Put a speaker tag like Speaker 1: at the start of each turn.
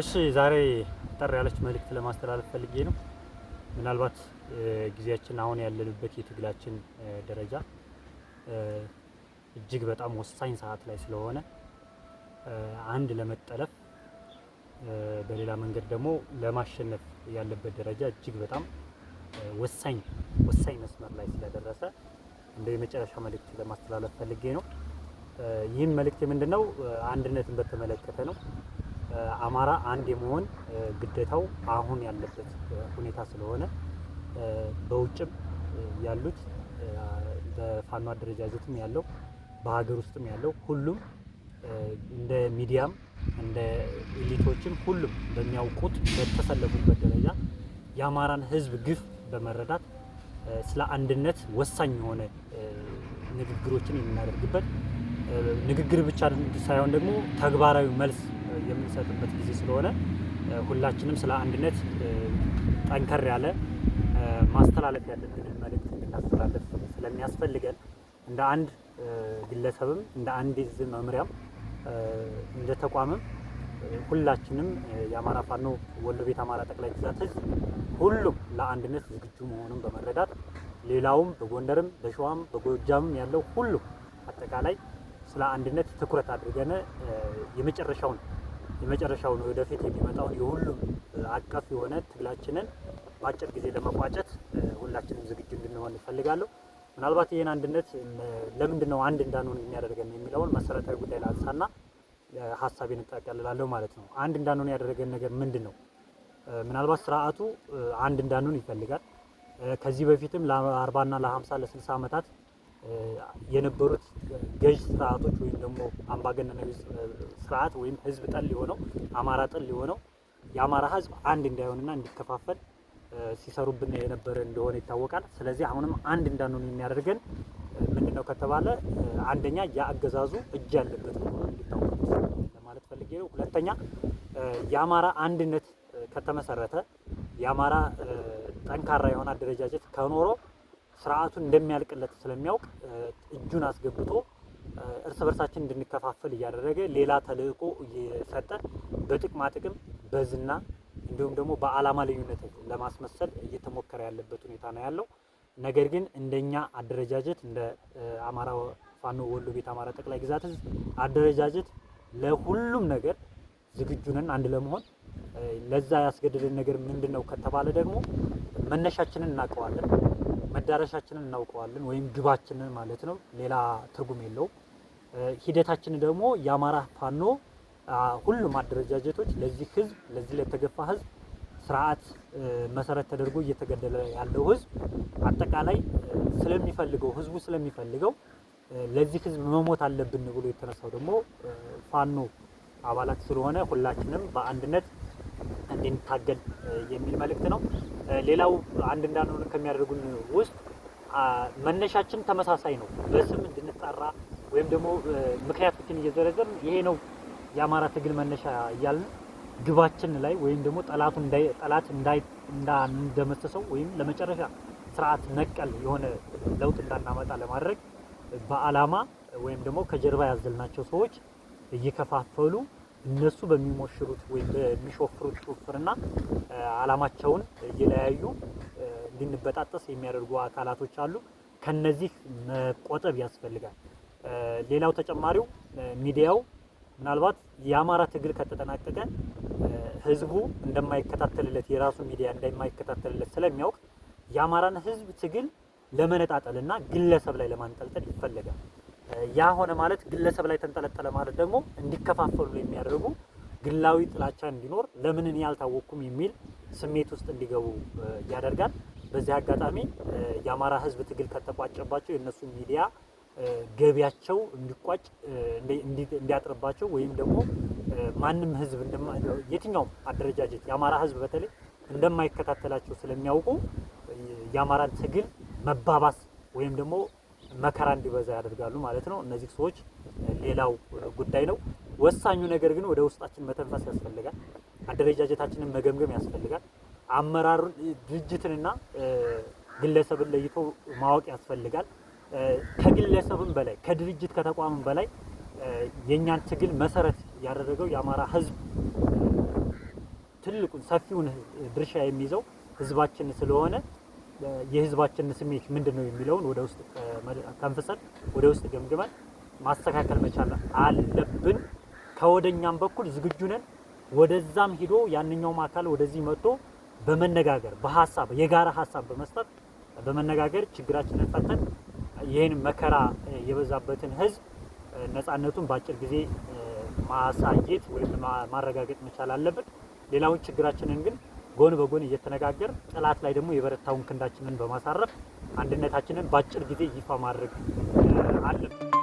Speaker 1: እሺ ዛሬ ጠር ያለች መልእክት ለማስተላለፍ ፈልጌ ነው። ምናልባት ጊዜያችን አሁን ያለንበት የትግላችን ደረጃ እጅግ በጣም ወሳኝ ሰዓት ላይ ስለሆነ አንድ ለመጠለፍ በሌላ መንገድ ደግሞ ለማሸነፍ ያለበት ደረጃ እጅግ በጣም ወሳኝ ወሳኝ መስመር ላይ ስለደረሰ እንደ የመጨረሻ መልእክት ለማስተላለፍ ፈልጌ ነው። ይህም መልእክት ምንድነው? አንድነትን በተመለከተ ነው። አማራ አንድ የመሆን ግዴታው አሁን ያለበት ሁኔታ ስለሆነ በውጭም ያሉት በፋኖ አደረጃጀትም ያለው በሀገር ውስጥም ያለው ሁሉም እንደ ሚዲያም እንደ ኤሊቶችም ሁሉም በሚያውቁት በተሰለፉበት ደረጃ የአማራን ሕዝብ ግፍ በመረዳት ስለ አንድነት ወሳኝ የሆነ ንግግሮችን የምናደርግበት ንግግር ብቻ ሳይሆን ደግሞ ተግባራዊ መልስ የምንሰጥበት ጊዜ ስለሆነ ሁላችንም ስለ አንድነት ጠንከር ያለ ማስተላለፍ ያለብንን መልእክት እንድናስተላለፍ ስለሚያስፈልገን እንደ አንድ ግለሰብም እንደ አንድ ህዝብ መምሪያም እንደ ተቋምም ሁላችንም የአማራ ፋኖ ወሎ ቤት አማራ ጠቅላይ ግዛት ህዝብ ሁሉም ለአንድነት ዝግጁ መሆኑን በመረዳት ሌላውም በጎንደርም በሸዋም በጎጃምም ያለው ሁሉም አጠቃላይ ስለ አንድነት ትኩረት አድርገን የመጨረሻውን የመጨረሻውን ወደፊት የሚመጣውን የሁሉም አቀፍ የሆነ ትግላችንን በአጭር ጊዜ ለመቋጨት ሁላችንም ዝግጁ እንድንሆን እፈልጋለሁ። ምናልባት ይህን አንድነት ለምንድን ነው አንድ እንዳንሆን የሚያደርገን የሚለውን መሰረታዊ ጉዳይ ላንሳና ሀሳብ እጠቀልላለሁ ማለት ነው። አንድ እንዳንሆን ያደረገን ነገር ምንድን ነው? ምናልባት ስርዓቱ አንድ እንዳንሆን ይፈልጋል። ከዚህ በፊትም ለአርባና ለሀምሳ ለስልሳ ዓመታት የነበሩት ገዥ ስርዓቶች ወይም ደግሞ አምባገነናዊ ስርዓት ወይም ህዝብ ጠል የሆነው አማራ ጠል የሆነው የአማራ ህዝብ አንድ እንዳይሆንና እንዲከፋፈል ሲሰሩብን የነበረ እንደሆነ ይታወቃል። ስለዚህ አሁንም አንድ እንዳንሆን የሚያደርገን ምንድን ነው ከተባለ አንደኛ የአገዛዙ እጅ ያለበት እንዲታወቅ ለማለት ፈልጌ ነው። ሁለተኛ የአማራ አንድነት ከተመሰረተ የአማራ ጠንካራ የሆነ አደረጃጀት ከኖረው ስርዓቱን እንደሚያልቅለት ስለሚያውቅ እጁን አስገብቶ እርስ በርሳችን እንድንከፋፈል እያደረገ ሌላ ተልእኮ እየሰጠ በጥቅማ ጥቅም በዝና እንዲሁም ደግሞ በዓላማ ልዩነት ለማስመሰል እየተሞከረ ያለበት ሁኔታ ነው ያለው። ነገር ግን እንደኛ አደረጃጀት እንደ አማራ ፋኖ ወሎ ቤት አማራ ጠቅላይ ግዛት ህዝብ አደረጃጀት ለሁሉም ነገር ዝግጁ ነን አንድ ለመሆን። ለዛ ያስገደደን ነገር ምንድን ነው ከተባለ ደግሞ መነሻችንን እናውቀዋለን። መዳረሻችንን እናውቀዋለን ወይም ግባችንን ማለት ነው። ሌላ ትርጉም የለውም። ሂደታችን ደግሞ የአማራ ፋኖ ሁሉም አደረጃጀቶች ለዚህ ህዝብ ለዚህ ለተገፋ ህዝብ ስርዓት መሰረት ተደርጎ እየተገደለ ያለው ህዝብ አጠቃላይ ስለሚፈልገው ህዝቡ ስለሚፈልገው ለዚህ ህዝብ መሞት አለብን ብሎ የተነሳው ደግሞ ፋኖ አባላት ስለሆነ ሁላችንም በአንድነት እንድንታገል የሚል መልእክት ነው። ሌላው አንድ እንዳንሆን ከሚያደርጉን ውስጥ መነሻችን ተመሳሳይ ነው። በስም እንድንጠራ ወይም ደግሞ ምክንያቶችን እየዘረዘርን ይሄ ነው የአማራ ትግል መነሻ እያልን ግባችን ላይ ወይም ደግሞ ጠላቱ ጠላት እንዳንደመስሰው ወይም ለመጨረሻ ስርዓት ነቀል የሆነ ለውጥ እንዳናመጣ ለማድረግ በአላማ ወይም ደግሞ ከጀርባ ያዘልናቸው ሰዎች እየከፋፈሉ እነሱ በሚሞሽሩት ወይም በሚሾፍሩት ሹፍርና አላማቸውን እየለያዩ እንድንበጣጠስ የሚያደርጉ አካላቶች አሉ። ከነዚህ መቆጠብ ያስፈልጋል። ሌላው ተጨማሪው ሚዲያው ምናልባት የአማራ ትግል ከተጠናቀቀ ህዝቡ እንደማይከታተልለት የራሱ ሚዲያ እንደማይከታተልለት ስለሚያውቅ የአማራን ህዝብ ትግል ለመነጣጠልና ግለሰብ ላይ ለማንጠልጠል ይፈለጋል። ያ ሆነ ማለት ግለሰብ ላይ ተንጠለጠለ ማለት ደግሞ እንዲከፋፈሉ የሚያደርጉ ግላዊ ጥላቻ እንዲኖር ለምን እኔ አልታወቅኩም የሚል ስሜት ውስጥ እንዲገቡ ያደርጋል። በዚህ አጋጣሚ የአማራ ሕዝብ ትግል ከተቋጨባቸው የእነሱ ሚዲያ ገቢያቸው እንዲቋጭ እንዲያጥርባቸው ወይም ደግሞ ማንም ሕዝብ የትኛውም አደረጃጀት የአማራ ሕዝብ በተለይ እንደማይከታተላቸው ስለሚያውቁ የአማራን ትግል መባባስ ወይም ደግሞ መከራ እንዲበዛ ያደርጋሉ ማለት ነው። እነዚህ ሰዎች ሌላው ጉዳይ ነው። ወሳኙ ነገር ግን ወደ ውስጣችን መተንፈስ ያስፈልጋል። አደረጃጀታችንን መገምገም ያስፈልጋል። አመራር ድርጅትንና ግለሰብን ለይቶ ማወቅ ያስፈልጋል። ከግለሰብም በላይ ከድርጅት ከተቋምም በላይ የእኛን ትግል መሰረት ያደረገው የአማራ ህዝብ ትልቁን ሰፊውን ድርሻ የሚይዘው ህዝባችን ስለሆነ የህዝባችን ስሜት ምንድን ነው የሚለውን ወደ ውስጥ ተንፍሰን ወደ ውስጥ ገምግመን ማስተካከል መቻል አለብን። ከወደኛም በኩል ዝግጁ ነን። ወደዛም ሂዶ ያንኛውም አካል ወደዚህ መጥቶ በመነጋገር በሀሳብ የጋራ ሀሳብ በመስጠት በመነጋገር ችግራችንን ፈተን ይህን መከራ የበዛበትን ህዝብ ነፃነቱን በአጭር ጊዜ ማሳየት ወይም ማረጋገጥ መቻል አለብን። ሌላውን ችግራችንን ግን ጎን በጎን እየተነጋገር ጠላት ላይ ደግሞ የበረታውን ክንዳችንን በማሳረፍ አንድነታችንን በአጭር ጊዜ ይፋ ማድረግ አለብን።